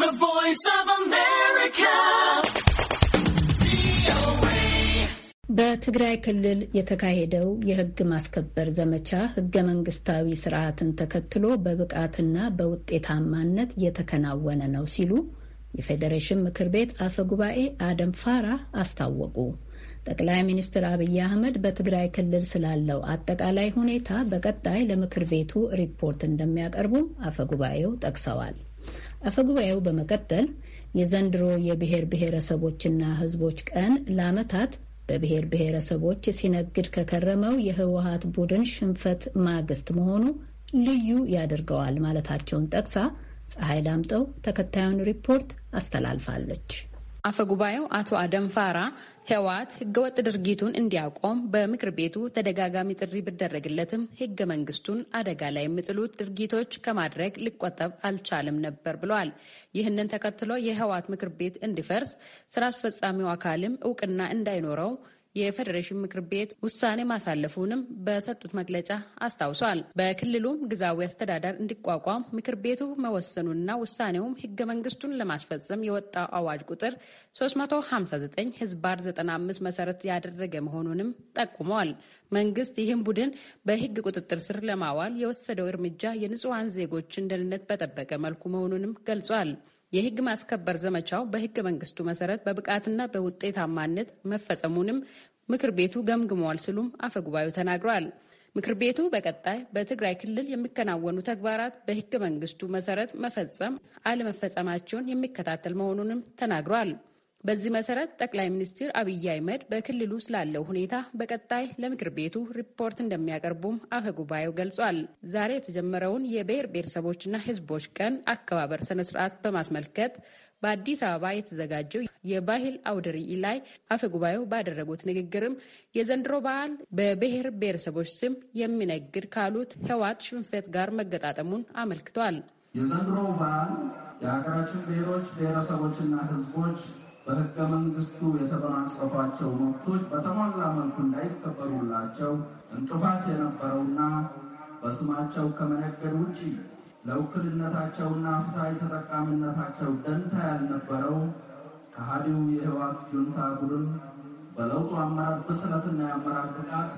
The Voice of America. በትግራይ ክልል የተካሄደው የሕግ ማስከበር ዘመቻ ሕገ መንግስታዊ ስርዓትን ተከትሎ በብቃትና በውጤታማነት የተከናወነ ነው ሲሉ የፌዴሬሽን ምክር ቤት አፈ ጉባኤ አደም ፋራ አስታወቁ። ጠቅላይ ሚኒስትር አብይ አህመድ በትግራይ ክልል ስላለው አጠቃላይ ሁኔታ በቀጣይ ለምክር ቤቱ ሪፖርት እንደሚያቀርቡም አፈ ጉባኤው ጠቅሰዋል። አፈጉባኤው በመቀጠል የዘንድሮ የብሔር ብሔረሰቦችና ህዝቦች ቀን ለአመታት በብሔር ብሔረሰቦች ሲነግድ ከከረመው የህወሀት ቡድን ሽንፈት ማግስት መሆኑ ልዩ ያደርገዋል ማለታቸውን ጠቅሳ ፀሐይ ዳምጠው ተከታዩን ሪፖርት አስተላልፋለች። አፈ ጉባኤው አቶ አደንፋራ ህወሓት ህገወጥ ድርጊቱን እንዲያቆም በምክር ቤቱ ተደጋጋሚ ጥሪ ቢደረግለትም ህገ መንግስቱን አደጋ ላይ የሚጥሉት ድርጊቶች ከማድረግ ሊቆጠብ አልቻለም ነበር ብለዋል። ይህንን ተከትሎ የህወሓት ምክር ቤት እንዲፈርስ ስራ አስፈጻሚው አካልም እውቅና እንዳይኖረው የፌዴሬሽን ምክር ቤት ውሳኔ ማሳለፉንም በሰጡት መግለጫ አስታውሷል። በክልሉም ግዛዊ አስተዳደር እንዲቋቋም ምክር ቤቱ መወሰኑና ውሳኔውም ህገ መንግስቱን ለማስፈጸም የወጣው አዋጅ ቁጥር 359 ህዝባር 95 መሰረት ያደረገ መሆኑንም ጠቁመዋል። መንግስት ይህም ቡድን በህግ ቁጥጥር ስር ለማዋል የወሰደው እርምጃ የንጹሐን ዜጎችን ደህንነት በጠበቀ መልኩ መሆኑንም ገልጿል። የህግ ማስከበር ዘመቻው በህገ መንግስቱ መሰረት በብቃትና በውጤታማነት መፈጸሙንም ምክር ቤቱ ገምግመዋል ሲሉም አፈጉባኤው ተናግሯል ተናግረዋል። ምክር ቤቱ በቀጣይ በትግራይ ክልል የሚከናወኑ ተግባራት በህገ መንግስቱ መሰረት መፈጸም አለመፈጸማቸውን የሚከታተል መሆኑንም ተናግረዋል። በዚህ መሰረት ጠቅላይ ሚኒስትር አብይ አህመድ በክልሉ ስላለው ሁኔታ በቀጣይ ለምክር ቤቱ ሪፖርት እንደሚያቀርቡም አፈ ጉባኤው ገልጿል። ዛሬ የተጀመረውን የብሔር ብሔረሰቦችና ሕዝቦች ቀን አከባበር ስነ በማስመልከት በአዲስ አበባ የተዘጋጀው የባህል አውደ ርዕይ ላይ አፈ ጉባኤው ባደረጉት ንግግርም የዘንድሮ በዓል በብሔር ብሔረሰቦች ስም የሚነግድ ካሉት ህወሓት ሽንፈት ጋር መገጣጠሙን አመልክቷል። የዘንድሮ በዓል የሀገራችን ብሔሮች ብሔረሰቦችና ህዝቦች በህገ መንግስቱ የተጎናጸፏቸው መብቶች በተሟላ መልኩ እንዳይከበሩላቸው እንቅፋት የነበረውና በስማቸው ከመነገድ ውጪ ለውክልነታቸውና ፍትሐዊ ተጠቃሚነታቸው ደንታ ያልነበረው ከሃዲው የህወሓት ጁንታ ቡድን በለውጡ አመራር ብስለትና የአመራር ብቃት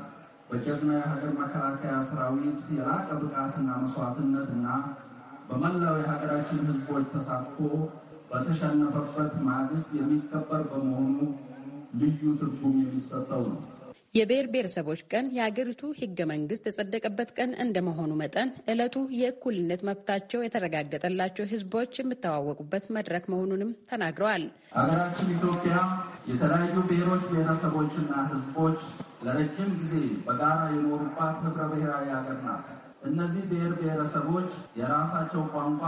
በጀግና የሀገር መከላከያ ሰራዊት የላቀ ብቃትና መስዋዕትነትና በመላው የሀገራችን ህዝቦች ተሳትፎ በተሸነፈበት ማግስት የሚከበር በመሆኑ ልዩ ትርጉም የሚሰጠው ነው። የብሔር ብሔረሰቦች ቀን የአገሪቱ ህገ መንግስት የጸደቀበት ቀን እንደመሆኑ መጠን ዕለቱ የእኩልነት መብታቸው የተረጋገጠላቸው ሕዝቦች የሚተዋወቁበት መድረክ መሆኑንም ተናግረዋል። ሀገራችን ኢትዮጵያ የተለያዩ ብሔሮች ብሔረሰቦችና ህዝቦች ለረጅም ጊዜ በጋራ የኖሩባት ህብረ ብሔራዊ ሀገር ናት። እነዚህ ብሔር ብሔረሰቦች የራሳቸው ቋንቋ፣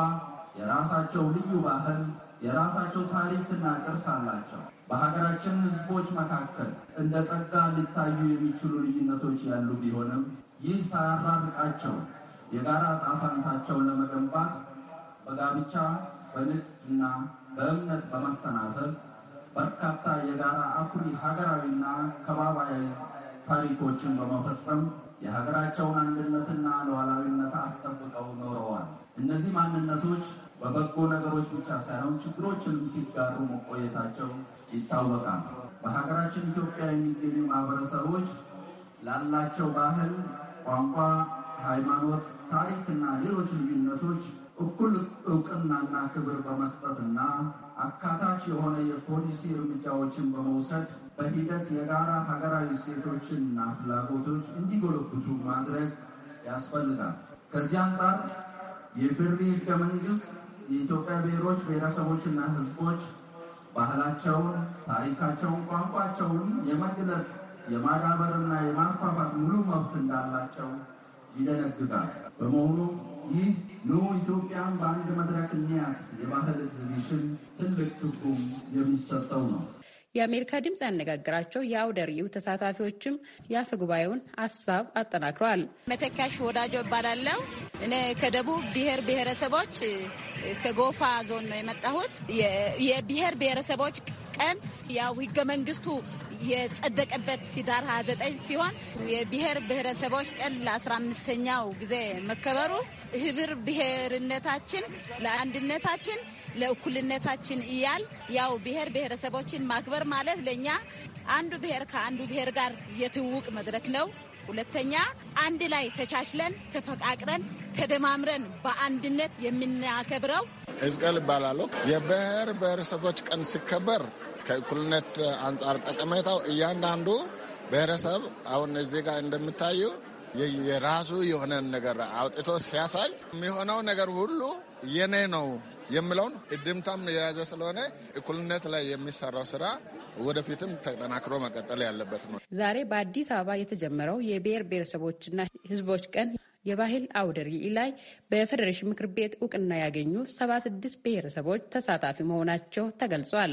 የራሳቸው ልዩ ባህል የራሳቸው ታሪክና ቅርስ አላቸው። በሀገራችን ህዝቦች መካከል እንደ ጸጋ ሊታዩ የሚችሉ ልዩነቶች ያሉ ቢሆንም ይህ ሳያራርቃቸው የጋራ ጣፋንታቸውን ለመገንባት በጋብቻ በንግድ እና በእምነት በማሰናሰብ በርካታ የጋራ አኩሪ ሀገራዊና ከባባያዊ ታሪኮችን በመፈጸም የሀገራቸውን አንድነትና ሉዓላዊነት አስጠብቀው ኖረዋል። እነዚህ ማንነቶች በበጎ ነገሮች ብቻ ሳይሆን ችግሮችንም ሲጋሩ መቆየታቸው ይታወቃል። በሀገራችን ኢትዮጵያ የሚገኙ ማህበረሰቦች ላላቸው ባህል፣ ቋንቋ፣ ሃይማኖት፣ ታሪክና ሌሎች ልዩነቶች እኩል እውቅናና ክብር በመስጠትና አካታች የሆነ የፖሊሲ እርምጃዎችን በመውሰድ በሂደት የጋራ ሀገራዊ እሴቶችንና ፍላጎቶች እንዲጎለብቱ ማድረግ ያስፈልጋል። ከዚህ አንጻር የፍሪ ህገ መንግስት የኢትዮጵያ ብሔሮች ብሔረሰቦችና ህዝቦች ባህላቸውን፣ ታሪካቸውን፣ ቋንቋቸውን የመግለጽ የማዳበርና የማስፋፋት ሙሉ መብት እንዳላቸው ይደነግጋል። በመሆኑ ይህ ኑ ኢትዮጵያን በአንድ መድረክ እንያት የባህል ኤግዚቢሽን ትልቅ ትርጉም የሚሰጠው ነው። የአሜሪካ ድምፅ ያነጋግራቸው የአውደ ርዕዩ ተሳታፊዎችም የአፈ ጉባኤውን ሀሳብ አጠናክረዋል። መተካሽ ወዳጆ እባላለሁ። እኔ ከደቡብ ብሔር ብሔረሰቦች ከጎፋ ዞን ነው የመጣሁት። የብሔር ብሔረሰቦች ቀን ያው ህገ መንግስቱ የጸደቀበት ህዳር 29 ሲሆን የብሔር ብሔረሰቦች ቀን ለ15ኛው ጊዜ መከበሩ ህብር ብሔርነታችን ለአንድነታችን ለእኩልነታችን እያል ያው ብሔር ብሔረሰቦችን ማክበር ማለት ለእኛ አንዱ ብሔር ከአንዱ ብሔር ጋር የትውውቅ መድረክ ነው። ሁለተኛ አንድ ላይ ተቻችለን ተፈቃቅረን ተደማምረን በአንድነት የምናከብረው። እዝቀል ባላሎክ የብሔር ብሔረሰቦች ቀን ሲከበር ከእኩልነት አንጻር ጠቀሜታው እያንዳንዱ ብሔረሰብ አሁን እዚህ ጋር እንደሚታየው የራሱ የሆነን ነገር አውጥቶ ሲያሳይ የሚሆነው ነገር ሁሉ የኔ ነው የሚለውን እድምታም የያዘ ስለሆነ እኩልነት ላይ የሚሰራው ስራ ወደፊትም ተጠናክሮ መቀጠል ያለበት ነው። ዛሬ በአዲስ አበባ የተጀመረው የብሔር ብሔረሰቦችና ሕዝቦች ቀን የባህል አውደ ርዕይ ላይ በፌዴሬሽን ምክር ቤት እውቅና ያገኙ ሰባ ስድስት ብሔረሰቦች ተሳታፊ መሆናቸው ተገልጿል።